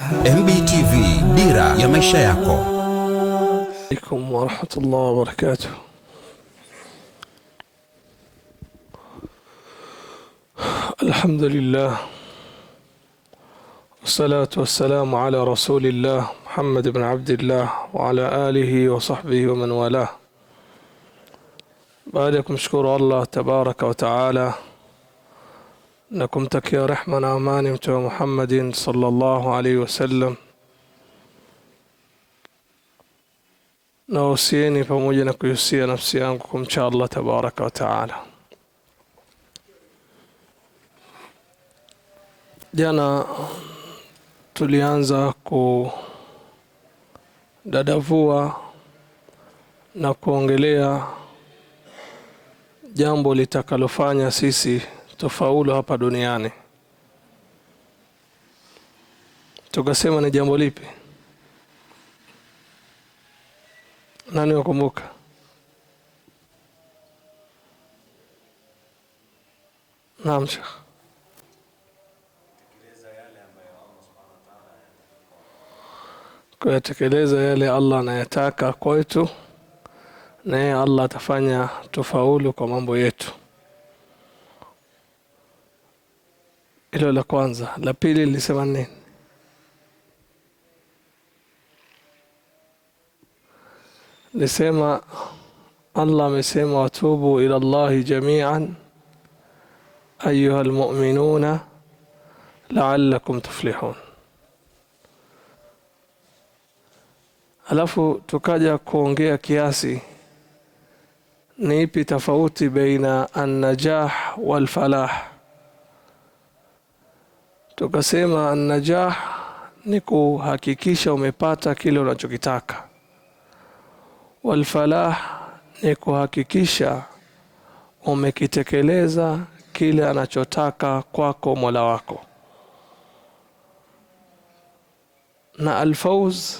MBTV dira ya maisha yako. Alaikum warahmatullahi wabarakatuh. Alhamdulillah. Wassalatu wassalamu ala rasulillah Muhammad ibn Abdillah wa ala alihi wa sahbihi wa man walah. Baada ya kumshukuru Allah tabaraka wa taala na kumtakia rehma na amani Mtume Muhammadin sallallahu alaihi wasallam. Na wahusieni pamoja na kuihusia nafsi yangu kumcha Allah tabaraka wa taala. Jana tulianza kudadavua na kuongelea jambo litakalofanya sisi tutafaulu hapa duniani. Tukasema ni jambo lipi? Nani wakumbuka? Naam, Sheikh. Kuyatekeleza yale Allah anayataka kwetu, naye Allah atafanya tufaulu kwa mambo yetu. Hilo la kwanza. La pili lilisema nini? Lisema Allah amesema, watubu ila llahi jamian ayuha lmuminuna laalakum tuflihun. Alafu tukaja kuongea kiasi, ni ipi tofauti baina annajah walfalah Tukasema najah ni kuhakikisha umepata kile unachokitaka, walfalah ni kuhakikisha umekitekeleza kile anachotaka kwako Mola wako, na alfauz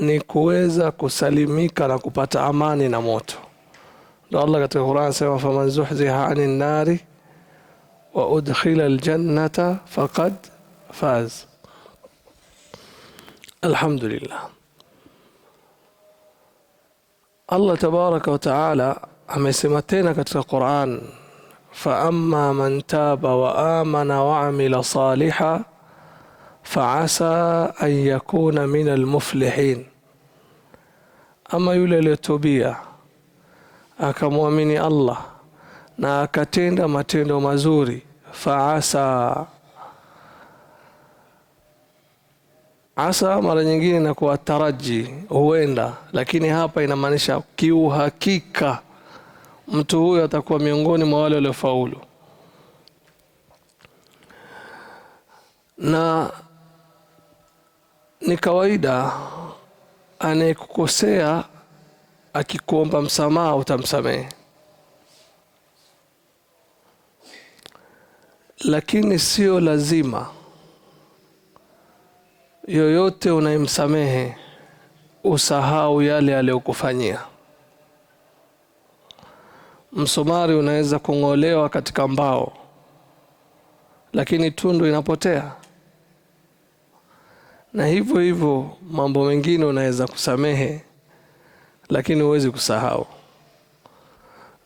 ni kuweza kusalimika na kupata amani na moto. Ndo Allah katika Qur'an anasema faman zuhziha anin nari وأدخل الجنة فقد فاز الحمد لله الله تبارك وتعالى أما أمسمتين كتر القرآن فأما من تاب وآمن وعمل صالحا فعسى أن يكون من المفلحين أما يولي لتوبية أكم الله na akatenda matendo mazuri. Faasa asa, mara nyingine na taraji, huenda, lakini hapa inamaanisha kiuhakika mtu huyo atakuwa miongoni mwa wale waliofaulu. Na ni kawaida anayekukosea akikuomba msamaha utamsamehe lakini sio lazima yoyote unayemsamehe usahau yale aliyokufanyia. Msumari unaweza kung'olewa katika mbao, lakini tundu inapotea. Na hivyo hivyo mambo mengine unaweza kusamehe, lakini huwezi kusahau.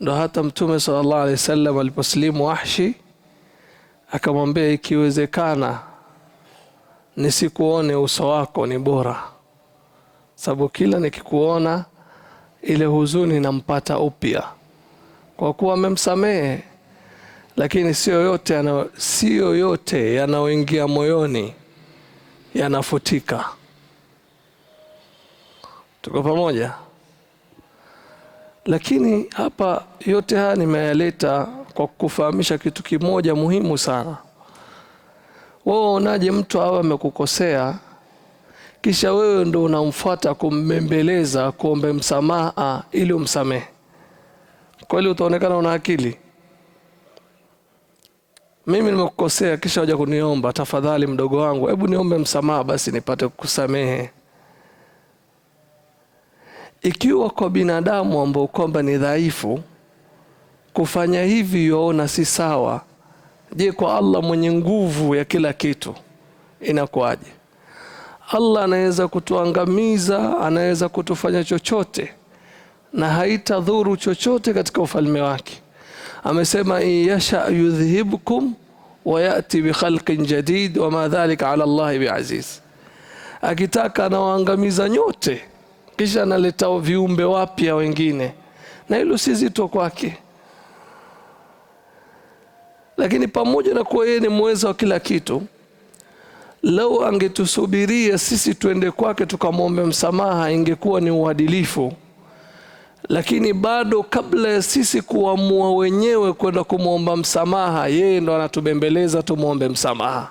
Ndo hata Mtume sallallahu alaihi wasallam aliposilimu Wahshi akamwambia, ikiwezekana nisikuone uso wako ni bora, sababu kila nikikuona ile huzuni nampata upya, kwa kuwa amemsamehe. Lakini sio yote yana, sio yote yanayoingia moyoni yanafutika. Tuko pamoja? Lakini hapa yote haya nimeyaleta kwa kukufahamisha kitu kimoja muhimu sana. Wewe unaje mtu awe amekukosea kisha wewe ndo unamfuata kumbembeleza kuombe msamaha ili umsamehe? Kweli utaonekana una akili? Mimi nimekukosea kisha waja kuniomba, tafadhali mdogo wangu, hebu niombe msamaha basi nipate kukusamehe. Ikiwa kwa binadamu ambao kwamba ni dhaifu Kufanya hivi na si sawa. Je, kwa Allah mwenye nguvu ya kila kitu inakuwaje? Allah anaweza kutuangamiza, anaweza kutufanya chochote na haita dhuru chochote katika ufalme wake. Amesema, in yasha yudhhibkum wa yati khalqin jadid wama dhalika ala Allahi biaziz. Akitaka anawaangamiza nyote, kisha analeta viumbe wapya wengine, na hilo si zito kwake. Lakini pamoja na kuwa yeye ni mweza wa kila kitu, lau angetusubiria sisi tuende kwake tukamwombe msamaha, ingekuwa ni uadilifu. Lakini bado kabla ya sisi kuamua wenyewe kwenda kumwomba msamaha, yeye ndo anatubembeleza tumwombe msamaha.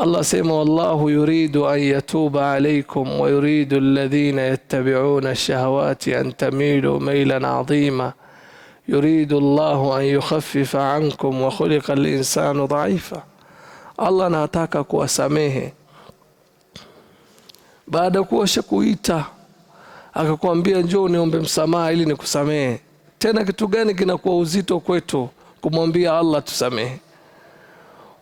Allah sema, wallahu yuridu an yatuba alaikum wa yuridu alladhina yattabi'una shahawati an tamilu mailan adhima yuridu llahu an yukhaffifa ankum wa khuliqa linsanu dhaifa, Allah anataka kuwasamehe baada ya kuwa akakwambia njoo niombe msamaha ili nikusamehe. Tena kitu gani kinakuwa uzito kwetu kumwambia Allah tusamehe?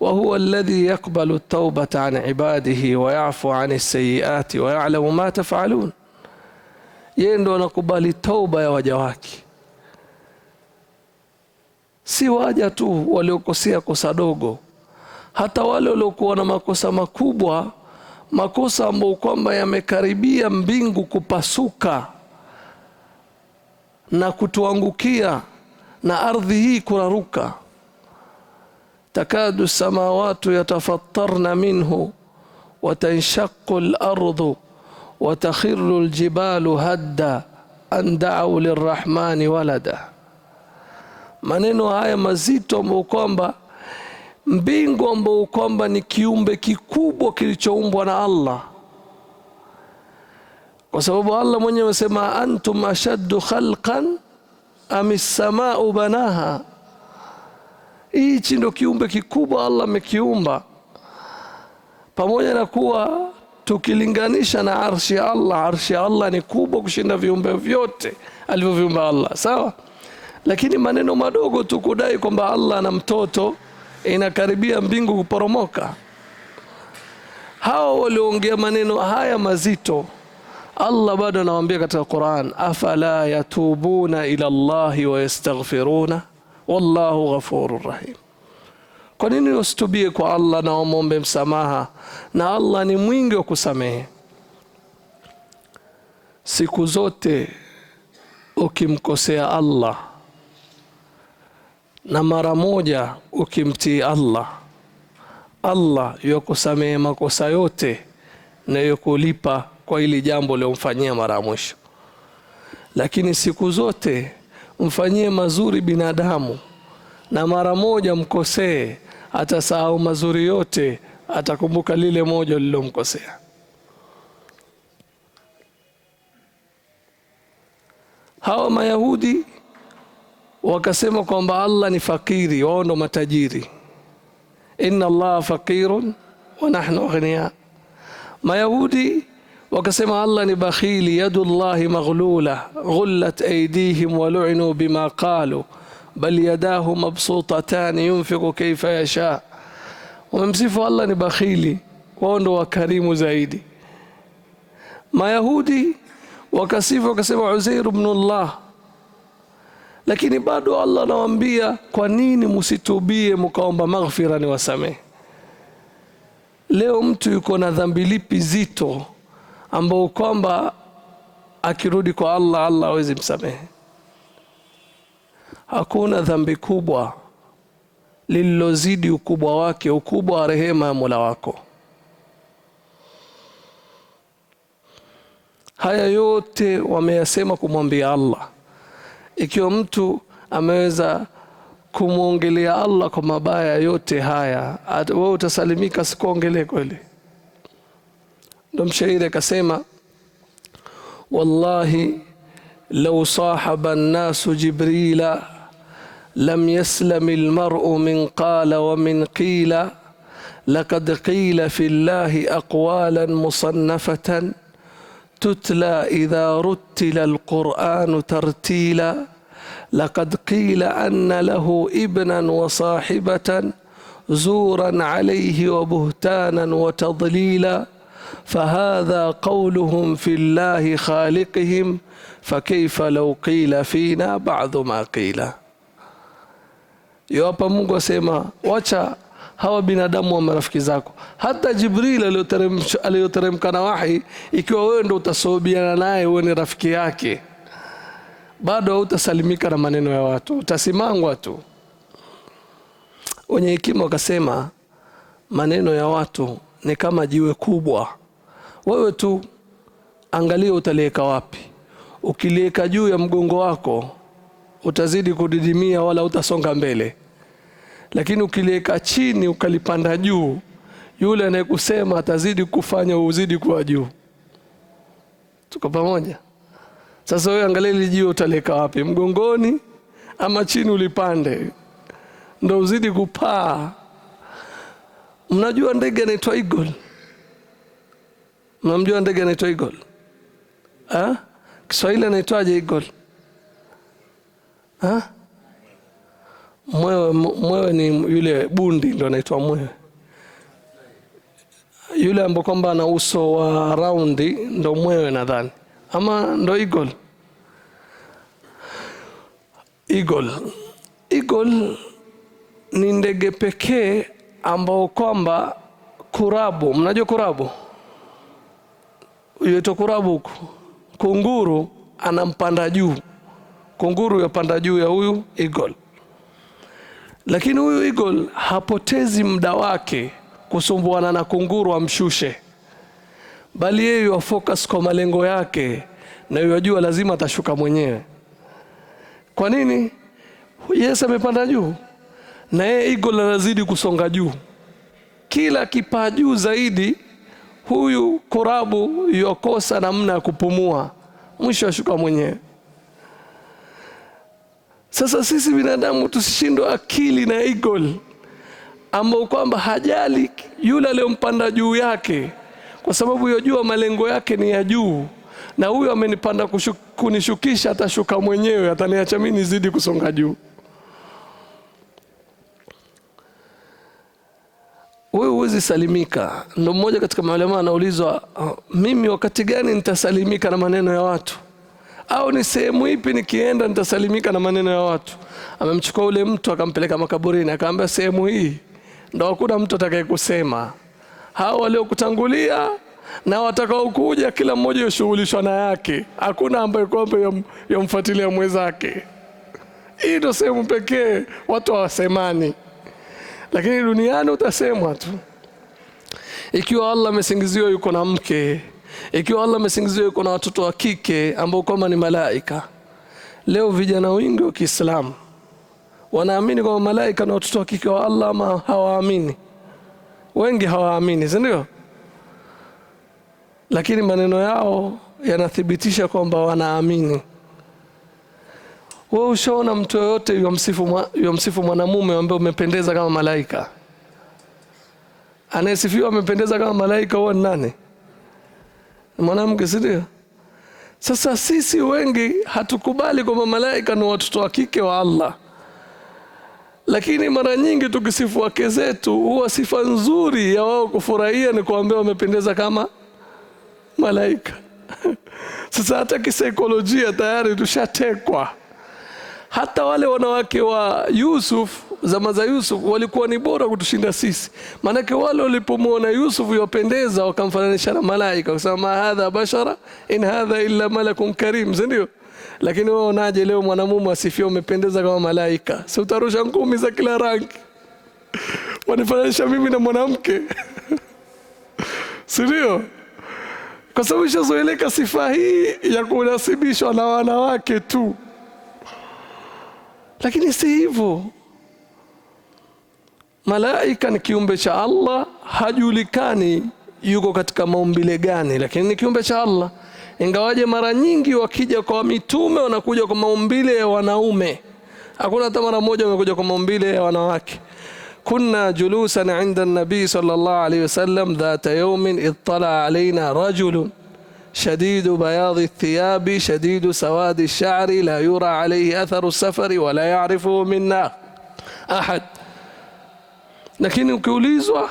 wa huwa alladhi yaqbalu taubata an ibadihi wa yafu an sayiati wa ya'lamu ma tafalun, yeye ndo anakubali tauba ya waja wake si waja tu waliokosea kosa dogo, hata wale waliokuwa na makosa makubwa, makosa ambayo kwamba yamekaribia mbingu kupasuka na kutuangukia na ardhi hii kuraruka. takadu samawatu yatafattarna minhu watanshaqu lardhu watakhiru ljibalu hadda an daau lirrahmani walada maneno haya mazito ambayo kwamba mbingu ambayo kwamba ni kiumbe kikubwa kilichoumbwa na Allah, kwa sababu Allah mwenyewe amesema antum ashaddu khalqan am samau banaha. Hichi ndio kiumbe kikubwa Allah amekiumba, pamoja na kuwa tukilinganisha na arshi ya Allah, arshi ya Allah ni kubwa kushinda viumbe vyote alivyoviumba Allah, sawa lakini maneno madogo tu kudai kwamba Allah na mtoto inakaribia mbingu kuporomoka. Hao walioongea maneno haya mazito, Allah bado anawaambia katika Quran, afala yatubuna ila llahi wayastaghfiruna wallahu ghafurur rahim. Kwa nini usitubie kwa Allah na umombe msamaha, na Allah ni mwingi wa kusamehe. Siku zote ukimkosea Allah na mara moja ukimtii Allah, Allah yakusamehe makosa yote na yakulipa kwa ili jambo liomfanyia mara ya mwisho. Lakini siku zote mfanyie mazuri binadamu, na mara moja mkosee, atasahau mazuri yote, atakumbuka lile moja lililomkosea. wakasema kwamba Allah ni fakiri, wao ndo matajiri. Inna Allah fakirun wa nahnu aghnia. Mayahudi wakasema Allah ni bakhili, yadu llahi maghlula ghullat aydihim wa lu'inu bima qalu bal yadahu mabsutatan yunfiqu kayfa yasha. Wamemsifu Allah ni bakhili, wao ndo wakarimu zaidi. Mayahudi wakasifu wakasema Uzair ibn Allah Lakini bado Allah anawaambia kwa nini msitubie mkaomba maghfira, ni wasamehe. Leo mtu yuko na dhambi lipi zito ambao kwamba akirudi kwa Allah, Allah hawezi msamehe? Hakuna dhambi kubwa lililozidi ukubwa wake, ukubwa wa rehema ya Mola wako. Haya yote wameyasema kumwambia Allah Ikiwa mtu ameweza kumwongelea Allah kwa mabaya yote haya, wewe utasalimika sikuongelee kweli? Ndo mshairi akasema, wallahi lau sahaba nnasu jibrila lam yaslami lmaru min qala wa min qila lakad qila fi llahi aqwalan musannafatan تتلى إذا رتل القرآن ترتيلا لقد قيل أن له ابنا وصاحبة زورا عليه وبهتانا وتضليلا فهذا قولهم في الله خالقهم فكيف لو قيل فينا بعض ما قيل يوابا mungu سيما wacha hawa binadamu wa marafiki zako. Hata Jibril aliyoteremka na wahi, ikiwa wewe ndo utasahubiana naye, wewe ni rafiki yake, bado hautasalimika na maneno ya watu, utasimangwa tu. Wenye hekima wakasema maneno ya watu ni kama jiwe kubwa, wewe tu angalia utaliweka wapi. Ukiliweka juu ya mgongo wako utazidi kudidimia, wala utasonga mbele lakini ukiliweka chini ukalipanda juu, yule anayekusema atazidi kufanya uzidi kuwa juu. Tuko pamoja? Sasa wewe angalia ile jiwe utaliweka wapi, mgongoni ama chini ulipande, ndo uzidi kupaa. Mnajua ndege anaitwa eagle? Mnamjua ndege anaitwa eagle? Kiswahili anaitwaje eagle? Mwewe, mwewe ni yule bundi ndo anaitwa mwewe, yule ambaye kwamba ana uso wa raundi ndo mwewe nadhani, ama ndo eagle. Eagle, eagle ni ndege pekee ambao kwamba kurabu, mnajua kurabu yeto, kurabu huku, kunguru anampanda juu, kunguru yapanda juu ya huyu eagle. Lakini huyu eagle hapotezi muda wake kusumbuana na kunguru amshushe, bali yeye yu focus kwa malengo yake na yajua lazima atashuka mwenyewe. Kwa nini? Yesu amepanda juu na yeye eagle anazidi kusonga juu, kila kipaa juu zaidi, huyu korabu yokosa namna ya kupumua, mwisho ashuka mwenyewe. Sasa sisi binadamu tusishindwe akili na eagle ambao kwamba hajali yule aliyompanda juu yake, kwa sababu hiyo jua malengo yake ni ya juu, na huyo amenipanda kunishukisha atashuka mwenyewe, ataniacha mimi nizidi kusonga juu. Wewe huwezi salimika. Ndio mmoja katika maulama anaulizwa, ah, mimi wakati gani nitasalimika na maneno ya watu? au ni sehemu ipi nikienda nitasalimika na maneno ya watu? Amemchukua ule mtu akampeleka makaburini, akaambia sehemu hii ndo hakuna mtu atakayekusema. Hao waliokutangulia na watakaokuja, kila mmoja yoshughulishwa na yake, hakuna ambaye kwamba yamfuatilia mwenzake. Hii ndo sehemu pekee watu hawasemani, lakini duniani utasemwa tu. Ikiwa Allah amesingiziwa yuko na mke ikiwa Allah amesingiziwa kuna watoto wa kike ambao kwamba ni malaika, leo vijana wengi wa Kiislamu wanaamini kwamba malaika na watoto wa kike wa Allah ama hawaamini? Wengi hawaamini, si ndio? Lakini maneno yao yanathibitisha kwamba wanaamini. Wewe ushaona mtu yoyote yamsifu mwanamume ambaye umependeza kama malaika? Anayesifiwa amependeza kama malaika huwa ni nani? mwanamke, si ndio? Sasa sisi wengi hatukubali kwamba malaika ni watoto wa kike wa Allah, lakini mara nyingi tukisifu wake zetu huwa sifa nzuri ya wao kufurahia ni kuambia wamependeza kama malaika. Sasa hata kisaikolojia tayari tushatekwa. Hata wale wanawake wa Yusuf zama za Yusuf walikuwa ni bora kutushinda sisi, maanake wale walipomwona Yusuf yawapendeza, wakamfananisha na malaika, wakasema ma hadha bashara in hadha illa malakun karim, si ndio? Lakini wewe unaje leo mwanamume asifie umependeza kama malaika? Si utarusha ngumi za kila rangi? Wanifananisha mimi na mwanamke si ndio? Kwa sababu ishazoeleka sifa hii ya kunasibishwa na wanawake tu, lakini si hivyo. malaika ni kiumbe cha Allah, hajulikani yuko katika maumbile gani, lakini ni kiumbe cha Allah. Ingawaje mara nyingi wakija kwa mitume wanakuja kwa maumbile ya wanaume, hakuna hata mara moja wamekuja kwa maumbile ya wanawake. كنا جلوسا عند النبي صلى الله عليه وسلم ذات يوم اطلع علينا رجل شديد بياض الثياب شديد سواد الشعر لا يرى عليه اثر السفر ولا يعرفه منا احد lakini ukiulizwa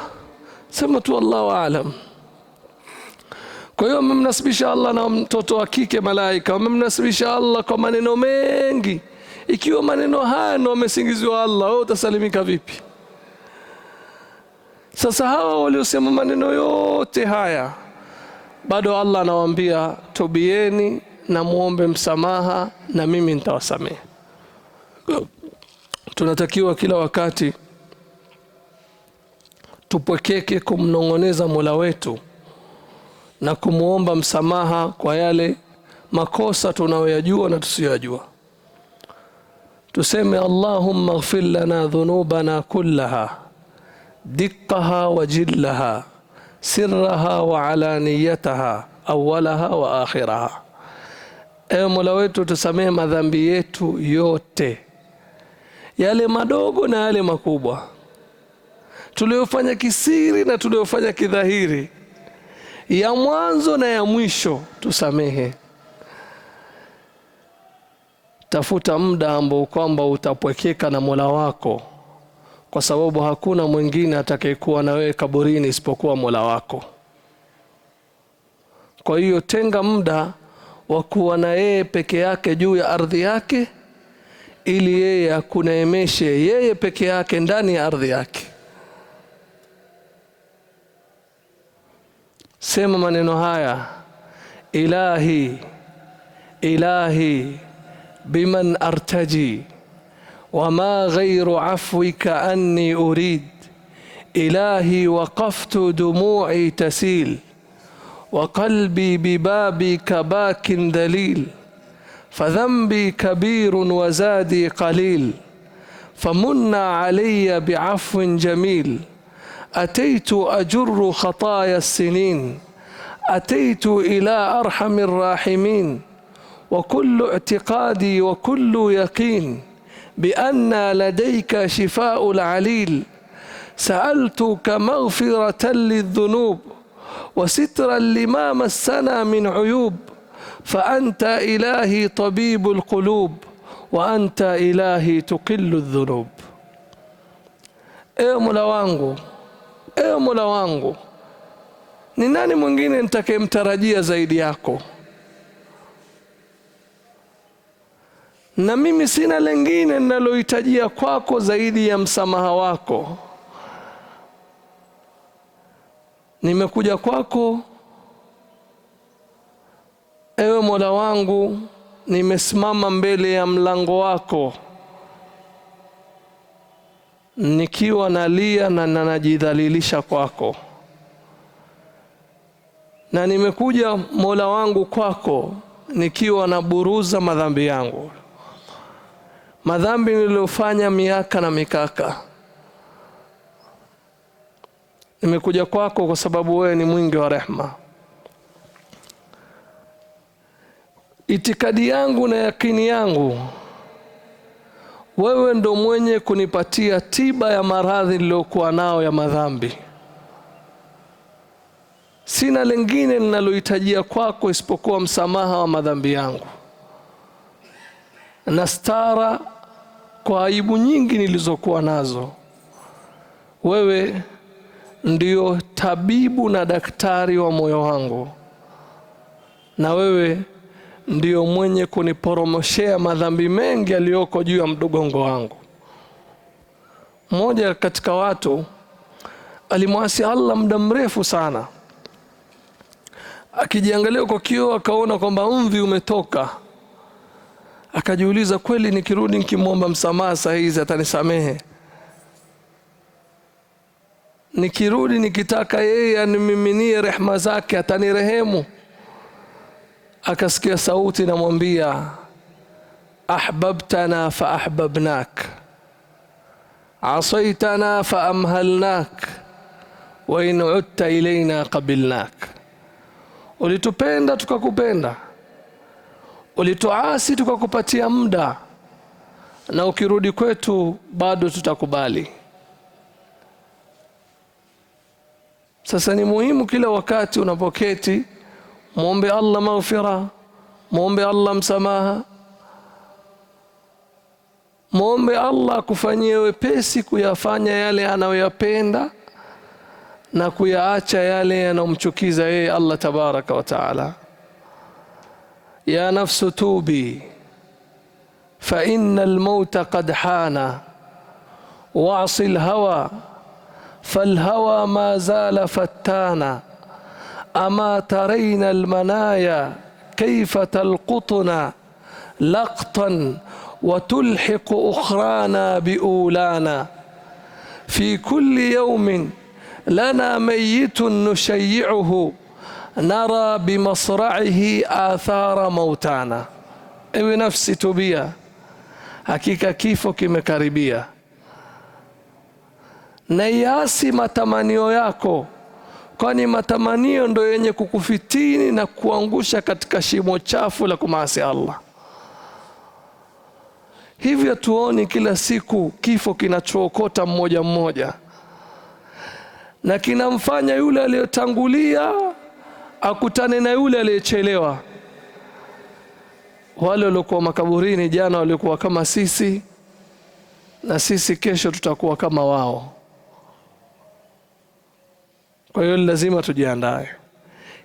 sema tu Allahu aalam. Kwa hiyo wamemnasibisha Allah na mtoto wa kike malaika, wamemnasibisha Allah kwa maneno mengi. Ikiwa maneno haya ndio wamesingiziwa Allah, wewe utasalimika vipi? Sasa hawa waliosema maneno yote haya, bado Allah anawaambia tobieni na muombe msamaha na mimi nitawasamehe. Tunatakiwa kila wakati tupwekeke kumnong'oneza Mola wetu na kumwomba msamaha kwa yale makosa tunayoyajua na tusiyoyajua. Tuseme Allahumma ighfir lana dhunubana kullaha diqqaha wa jillaha sirraha wa alaniyataha awalaha wa akhiraha, ewe Mola wetu tusamehe madhambi yetu yote, yale madogo na yale makubwa tuliofanya kisiri na tuliofanya kidhahiri, ya mwanzo na ya mwisho tusamehe. Tafuta muda ambao kwamba utapwekeka na Mola wako, kwa sababu hakuna mwingine atakayekuwa na wewe kaburini isipokuwa Mola wako. Kwa hiyo tenga muda wa kuwa na yeye peke yake juu ya ardhi yake, ili yeye akuneemeshe yeye peke yake ndani ya ardhi yake. Sema maneno haya: ilahi ilahi biman artaji wama ghairu afwika anni urid ilahi waqaftu dumu'i tasil وقلبي ببابك باك ذليل فذنبي كبير وزادي قليل فمن علي بعفو جميل أتيت أجر خطايا السنين أتيت إلى أرحم الراحمين وكل اعتقادي وكل يقين بأن لديك شفاء العليل سألتك مغفرة للذنوب وسترا لما مسنا من عيوب فأنت إلهي طبيب القلوب وأنت إلهي تقل الذنوب إيه ملوانغو ewe Mola wangu, ni nani mwingine nitakayemtarajia zaidi yako? Na mimi sina lengine ninalohitajia kwako zaidi ya msamaha wako. Nimekuja kwako ewe Mola wangu, nimesimama mbele ya mlango wako nikiwa nalia na najidhalilisha kwako, na nimekuja Mola wangu kwako nikiwa naburuza madhambi yangu, madhambi niliyofanya miaka na mikaka. Nimekuja kwako kwa sababu wewe ni mwingi wa rehma. Itikadi yangu na yakini yangu wewe ndo mwenye kunipatia tiba ya maradhi niliyokuwa nao ya madhambi. Sina lengine ninalohitajia kwako isipokuwa msamaha wa madhambi yangu na stara kwa aibu nyingi nilizokuwa nazo. Wewe ndio tabibu na daktari wa moyo wangu, na wewe ndio mwenye kuniporomoshea madhambi mengi yaliyoko juu ya mdogongo wangu. Mmoja katika watu alimwasi Allah muda mrefu sana, akijiangalia kwa kioo akaona kwamba mvi umetoka, akajiuliza, kweli nikirudi nikimwomba msamaha saa hizi atanisamehe? Nikirudi nikitaka yeye animiminie rehema zake atanirehemu? akasikia sauti namwambia, ahbabtana faahbabnak asaitana faamhalnak wa in udta ilaina qabilnak, ulitupenda tukakupenda, ulituasi tukakupatia muda, na ukirudi kwetu bado tutakubali. Sasa ni muhimu kila wakati unapoketi مون بالله مغفره مون بالله مسماها مومبي الله كفانيه وبيسي كيافانيا يالي انا ويا بيندا نكويا اتشا يالي انا مشوكيزا اي الله تبارك وتعالى يا نفس توبي فان الموت قد حان واعصي الهوى فالهوى ما زال فتانا أما ترين المنايا كيف تلقطنا لقطا وتلحق أخرانا بأولانا في كل يوم لنا ميت نشيعه نرى بمصرعه آثار موتانا ewe نفسي tubia hakika كيف kimekaribia نياسي ما matamanio ياكو kwani matamanio ndo yenye kukufitini na kuangusha katika shimo chafu la kumasi Allah. Hivyo tuoni kila siku kifo kinachookota mmoja mmoja, na kinamfanya yule aliyotangulia akutane na yule aliyechelewa. Wale waliokuwa makaburini jana walikuwa kama sisi, na sisi kesho tutakuwa kama wao. Kwa hiyo lazima tujiandae.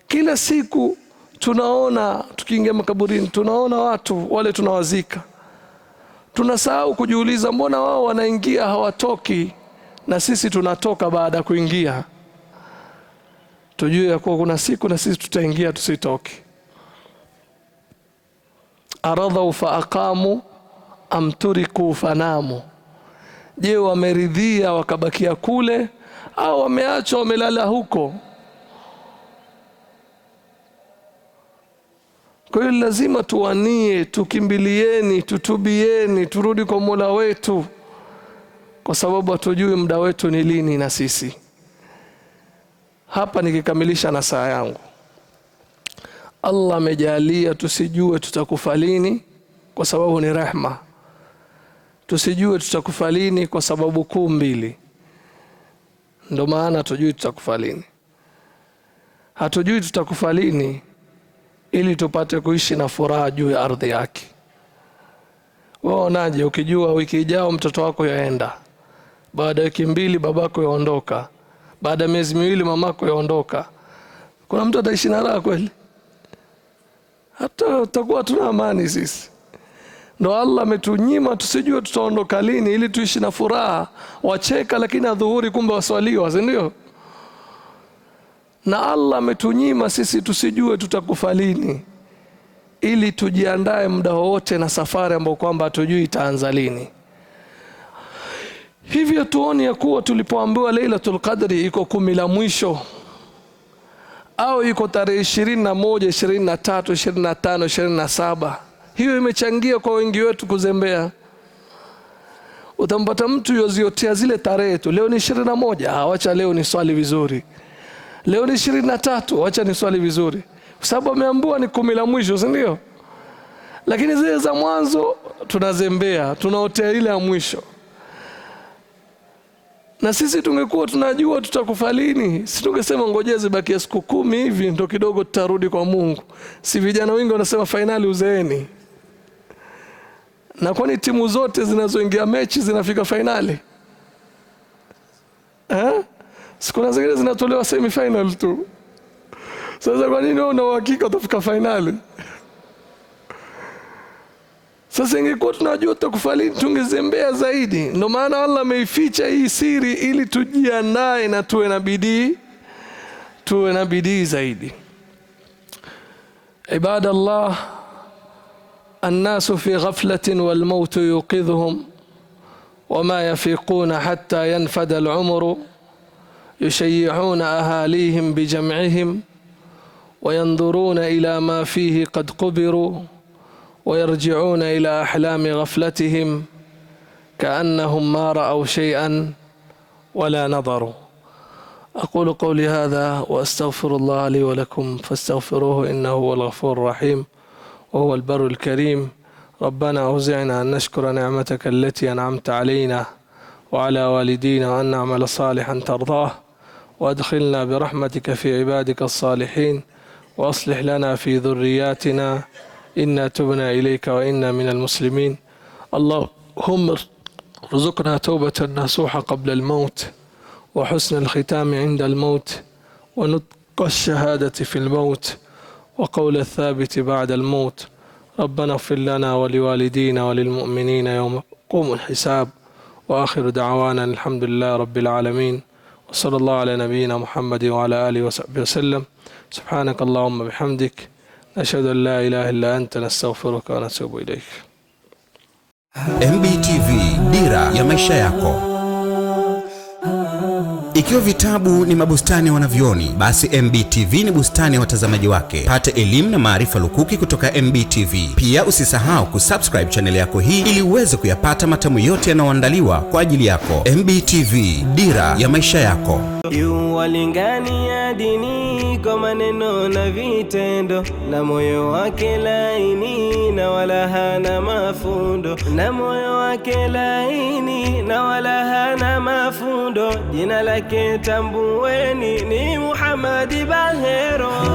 Kila siku tunaona tukiingia makaburini, tunaona watu wale tunawazika, tunasahau kujiuliza, mbona wao wanaingia hawatoki na sisi tunatoka baada ya kuingia? Tujue ya kuwa kuna siku na sisi tutaingia, tusitoki. aradhau faaqamu amturiku fanamu, je, wameridhia wakabakia kule au wameachwa wamelala huko. Kwa hiyo lazima tuwanie, tukimbilieni, tutubieni, turudi kwa Mola wetu, kwa sababu hatujui muda wetu ni lini. Na sisi hapa, nikikamilisha na saa yangu, Allah amejalia tusijue tutakufa lini, kwa sababu ni rehma. Tusijue tutakufa lini kwa sababu kuu mbili. Ndo maana hatujui tutakufa lini, hatujui tutakufa lini, ili tupate kuishi na furaha juu ya ardhi yake. Waonaje ukijua wiki ijao mtoto wako yaenda, baada ya wiki mbili babako yaondoka, baada ya miezi miwili mamako yaondoka? Kuna mtu ataishi na raha kweli? Hata tutakuwa tuna amani sisi. Ndo Allah ametunyima tusijue tutaondoka lini, ili tuishi na furaha. Wacheka lakini adhuhuri, kumbe waswaliwa, si ndio? Na Allah ametunyima sisi tusijue tutakufa lini, ili tujiandae muda wowote na safari ambayo kwamba hatujui itaanza lini. Hivyo tuoni ya kuwa tulipoambiwa Lailatul Qadri iko kumi la mwisho au iko tarehe ishirini na moja, ishirini na tatu, ishirini na tano, ishirini na saba hiyo imechangia kwa wengi wetu kuzembea. Utampata mtu yoziotea zile tarehe tu, leo ni ishirini na moja, ah, wacha leo ni swali vizuri, leo ni ishirini na tatu, wacha ni swali vizuri, kwa sababu ameambua ni kumi la mwisho, si ndio? Lakini zile za mwanzo tunazembea, tunaotea ile ya mwisho. Na sisi tungekuwa tunajua tutakufa lini, si tungesema ngojea zibakia siku kumi hivi, ndo kidogo tutarudi kwa Mungu. Si vijana wengi wanasema fainali uzeeni na kwani timu zote zinazoingia mechi zinafika fainali eh? Sikuna zingine zinatolewa semi final tu. Sasa kwa nini una uhakika utafika fainali? Sasa ingekuwa tunajua tutakufa lini, tungezembea zaidi. Ndio maana Allah ameificha hii siri ili tujiandae na tuwe na bidii, tuwe na bidii zaidi. Ibadallah الناس في غفلة والموت يوقظهم وما يفيقون حتى ينفد العمر يشيعون أهاليهم بجمعهم وينظرون إلى ما فيه قد قبروا ويرجعون إلى أحلام غفلتهم كأنهم ما رأوا شيئا ولا نظروا أقول قولي هذا وأستغفر الله لي ولكم فاستغفروه إنه هو الغفور الرحيم وهو البر الكريم ربنا أوزعنا أن نشكر نعمتك التي أنعمت علينا وعلى والدينا وأن نعمل صالحا ترضاه وأدخلنا برحمتك في عبادك الصالحين وأصلح لنا في ذرياتنا إنا تبنا إليك وإنا من المسلمين اللهم ارزقنا توبة نصوحة قبل الموت وحسن الختام عند الموت ونطق الشهادة في الموت وقول الثابت بعد الموت ربنا اغفر لنا ولوالدينا وللمؤمنين يوم قوم الحساب وآخر دعوانا الحمد لله رب العالمين وصلى الله على نبينا محمد وعلى آله وصحبه وسلم سبحانك اللهم بحمدك نشهد أن لا إله إلا أنت نستغفرك ونتوب إليك MBTV Dira ya Maisha Yako. Ikiwa vitabu ni mabustani ya wanavyoni, basi MBTV ni bustani ya watazamaji wake. Pata elimu na maarifa lukuki kutoka MBTV. Pia usisahau kusubscribe chaneli yako hii ili uweze kuyapata matamu yote yanayoandaliwa kwa ajili yako. MBTV, dira ya maisha yako. Walingania dini kwa maneno na vitendo, na moyo wake laini na wala hana mafundo, na moyo wake laini na wala hana mafundo jina la yake, tambueni ni Muhamadi Bahero.